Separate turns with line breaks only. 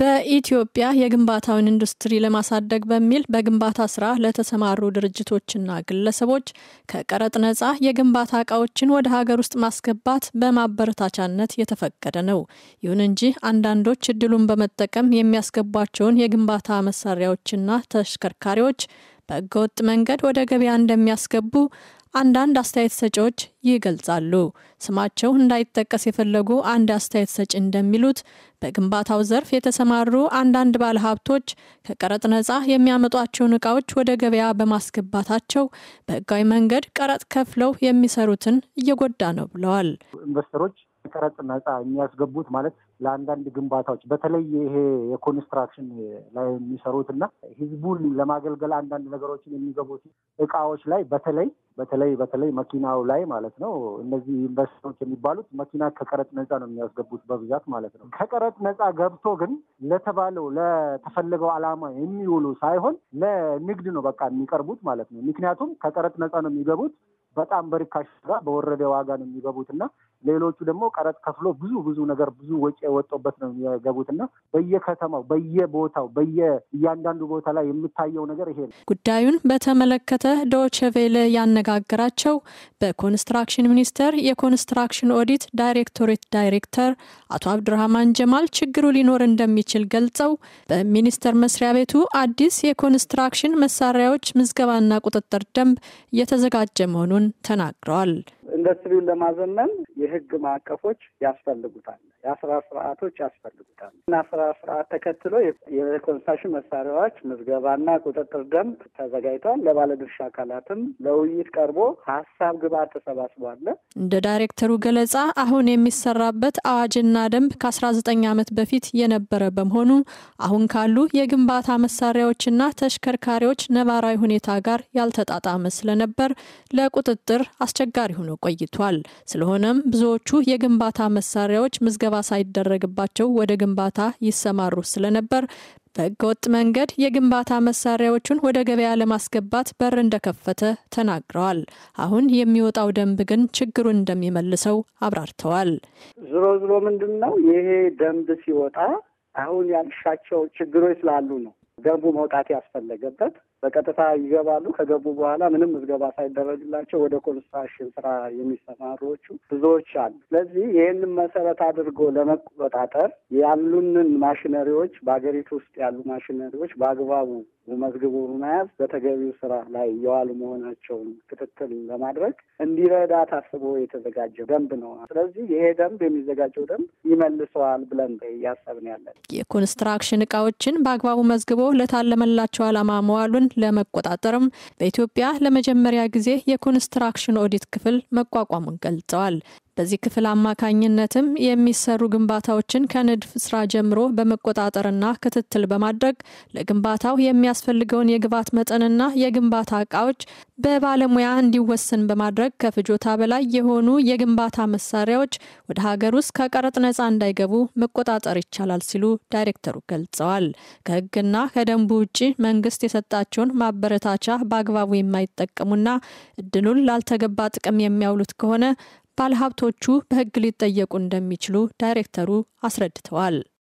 በኢትዮጵያ የግንባታውን ኢንዱስትሪ ለማሳደግ በሚል በግንባታ ስራ ለተሰማሩ ድርጅቶችና ግለሰቦች ከቀረጥ ነጻ የግንባታ እቃዎችን ወደ ሀገር ውስጥ ማስገባት በማበረታቻነት የተፈቀደ ነው። ይሁን እንጂ አንዳንዶች እድሉን በመጠቀም የሚያስገቧቸውን የግንባታ መሳሪያዎችና ተሽከርካሪዎች በህገወጥ መንገድ ወደ ገበያ እንደሚያስገቡ አንዳንድ አስተያየት ሰጪዎች ይገልጻሉ። ስማቸው እንዳይጠቀስ የፈለጉ አንድ አስተያየት ሰጪ እንደሚሉት በግንባታው ዘርፍ የተሰማሩ አንዳንድ ባለሀብቶች ከቀረጥ ነጻ የሚያመጧቸውን እቃዎች ወደ ገበያ በማስገባታቸው በህጋዊ መንገድ ቀረጥ ከፍለው የሚሰሩትን እየጎዳ ነው ብለዋል።
ኢንቨስተሮች ቀረጥ ነጻ የሚያስገቡት ማለት ለአንዳንድ ግንባታዎች በተለይ ይሄ የኮንስትራክሽን ላይ የሚሰሩት እና ህዝቡን ለማገልገል አንዳንድ ነገሮችን የሚገቡት እቃዎች ላይ በተለይ በተለይ በተለይ መኪናው ላይ ማለት ነው። እነዚህ ኢንቨስተሮች የሚባሉት መኪና ከቀረጥ ነጻ ነው የሚያስገቡት በብዛት ማለት ነው። ከቀረጥ ነጻ ገብቶ ግን ለተባለው ለተፈለገው ዓላማ የሚውሉ ሳይሆን ለንግድ ነው በቃ የሚቀርቡት ማለት ነው። ምክንያቱም ከቀረጥ ነጻ ነው የሚገቡት በጣም በርካሽ ጋር በወረደ ዋጋ ነው የሚገቡት እና ሌሎቹ ደግሞ ቀረጥ ከፍሎ ብዙ ብዙ ነገር ብዙ ወጪ የወጡበት ነው የሚገቡት እና በየከተማው በየቦታው በየ እያንዳንዱ ቦታ ላይ የምታየው ነገር ይሄ ነው።
ጉዳዩን በተመለከተ ዶቼ ቬለ ያነጋገራቸው በኮንስትራክሽን ሚኒስቴር የኮንስትራክሽን ኦዲት ዳይሬክቶሬት ዳይሬክተር አቶ አብዱራህማን ጀማል ችግሩ ሊኖር እንደሚችል ገልጸው በሚኒስቴር መስሪያ ቤቱ አዲስ የኮንስትራክሽን መሳሪያዎች ምዝገባና ቁጥጥር ደንብ እየተዘጋጀ መሆኑን መሆኑን ተናግረዋል።
ኢንዱስትሪውን ለማዘመን የህግ ማዕቀፎች ያስፈልጉታል፣ የአሰራር ስርዓቶች ያስፈልጉታል እና አሰራር ስርዓት ተከትሎ የኮንስትራክሽን መሳሪያዎች ምዝገባና ቁጥጥር ደንብ ተዘጋጅቷል። ለባለድርሻ አካላትም ለውይይት ቀርቦ ሀሳብ ግብዓት ተሰባስቧል።
እንደ ዳይሬክተሩ ገለጻ አሁን የሚሰራበት አዋጅና ደንብ ከ19 ዓመት በፊት የነበረ በመሆኑ አሁን ካሉ የግንባታ መሳሪያዎችና ተሽከርካሪዎች ነባራዊ ሁኔታ ጋር ያልተጣጣመ ስለነበር ለቁጥጥር አስቸጋሪ ሆኖ ቆይቷል። ስለሆነም ብዙዎቹ የግንባታ መሳሪያዎች ምዝገባ ሳይደረግባቸው ወደ ግንባታ ይሰማሩ ስለነበር በህገወጥ መንገድ የግንባታ መሳሪያዎቹን ወደ ገበያ ለማስገባት በር እንደከፈተ ተናግረዋል። አሁን የሚወጣው ደንብ ግን ችግሩን እንደሚመልሰው አብራርተዋል።
ዝሮ ዝሮ ምንድን ነው ይሄ ደንብ ሲወጣ አሁን ያልሻቸው ችግሮች ስላሉ ነው ደንቡ መውጣት ያስፈለገበት። በቀጥታ ይገባሉ። ከገቡ በኋላ ምንም ምዝገባ ሳይደረግላቸው ወደ ኮንስትራክሽን ስራ የሚሰማሩዎቹ ብዙዎች አሉ። ስለዚህ ይህንን መሰረት አድርጎ ለመቆጣጠር ያሉንን ማሽነሪዎች፣ በሀገሪቱ ውስጥ ያሉ ማሽነሪዎች በአግባቡ መዝግቦ መያዝ በተገቢው ስራ ላይ የዋሉ መሆናቸውን ክትትል ለማድረግ እንዲረዳ ታስቦ የተዘጋጀ ደንብ ነው። ስለዚህ ይሄ ደንብ የሚዘጋጀው ደንብ ይመልሰዋል ብለን እያሰብን ያለን
የኮንስትራክሽን እቃዎችን በአግባቡ መዝግቦ ለታለመላቸው ዓላማ መዋሉን ለመቆጣጠርም በኢትዮጵያ ለመጀመሪያ ጊዜ የኮንስትራክሽን ኦዲት ክፍል መቋቋሙን ገልጸዋል። በዚህ ክፍል አማካኝነትም የሚሰሩ ግንባታዎችን ከንድፍ ስራ ጀምሮ በመቆጣጠርና ክትትል በማድረግ ለግንባታው የሚያስፈልገውን የግብዓት መጠንና የግንባታ እቃዎች በባለሙያ እንዲወሰን በማድረግ ከፍጆታ በላይ የሆኑ የግንባታ መሳሪያዎች ወደ ሀገር ውስጥ ከቀረጥ ነፃ እንዳይገቡ መቆጣጠር ይቻላል ሲሉ ዳይሬክተሩ ገልጸዋል። ከህግና ከደንቡ ውጭ መንግስት የሰጣቸውን ማበረታቻ በአግባቡ የማይጠቀሙና እድሉን ላልተገባ ጥቅም የሚያውሉት ከሆነ ባለሀብቶቹ በህግ ሊጠየቁ እንደሚችሉ ዳይሬክተሩ አስረድተዋል።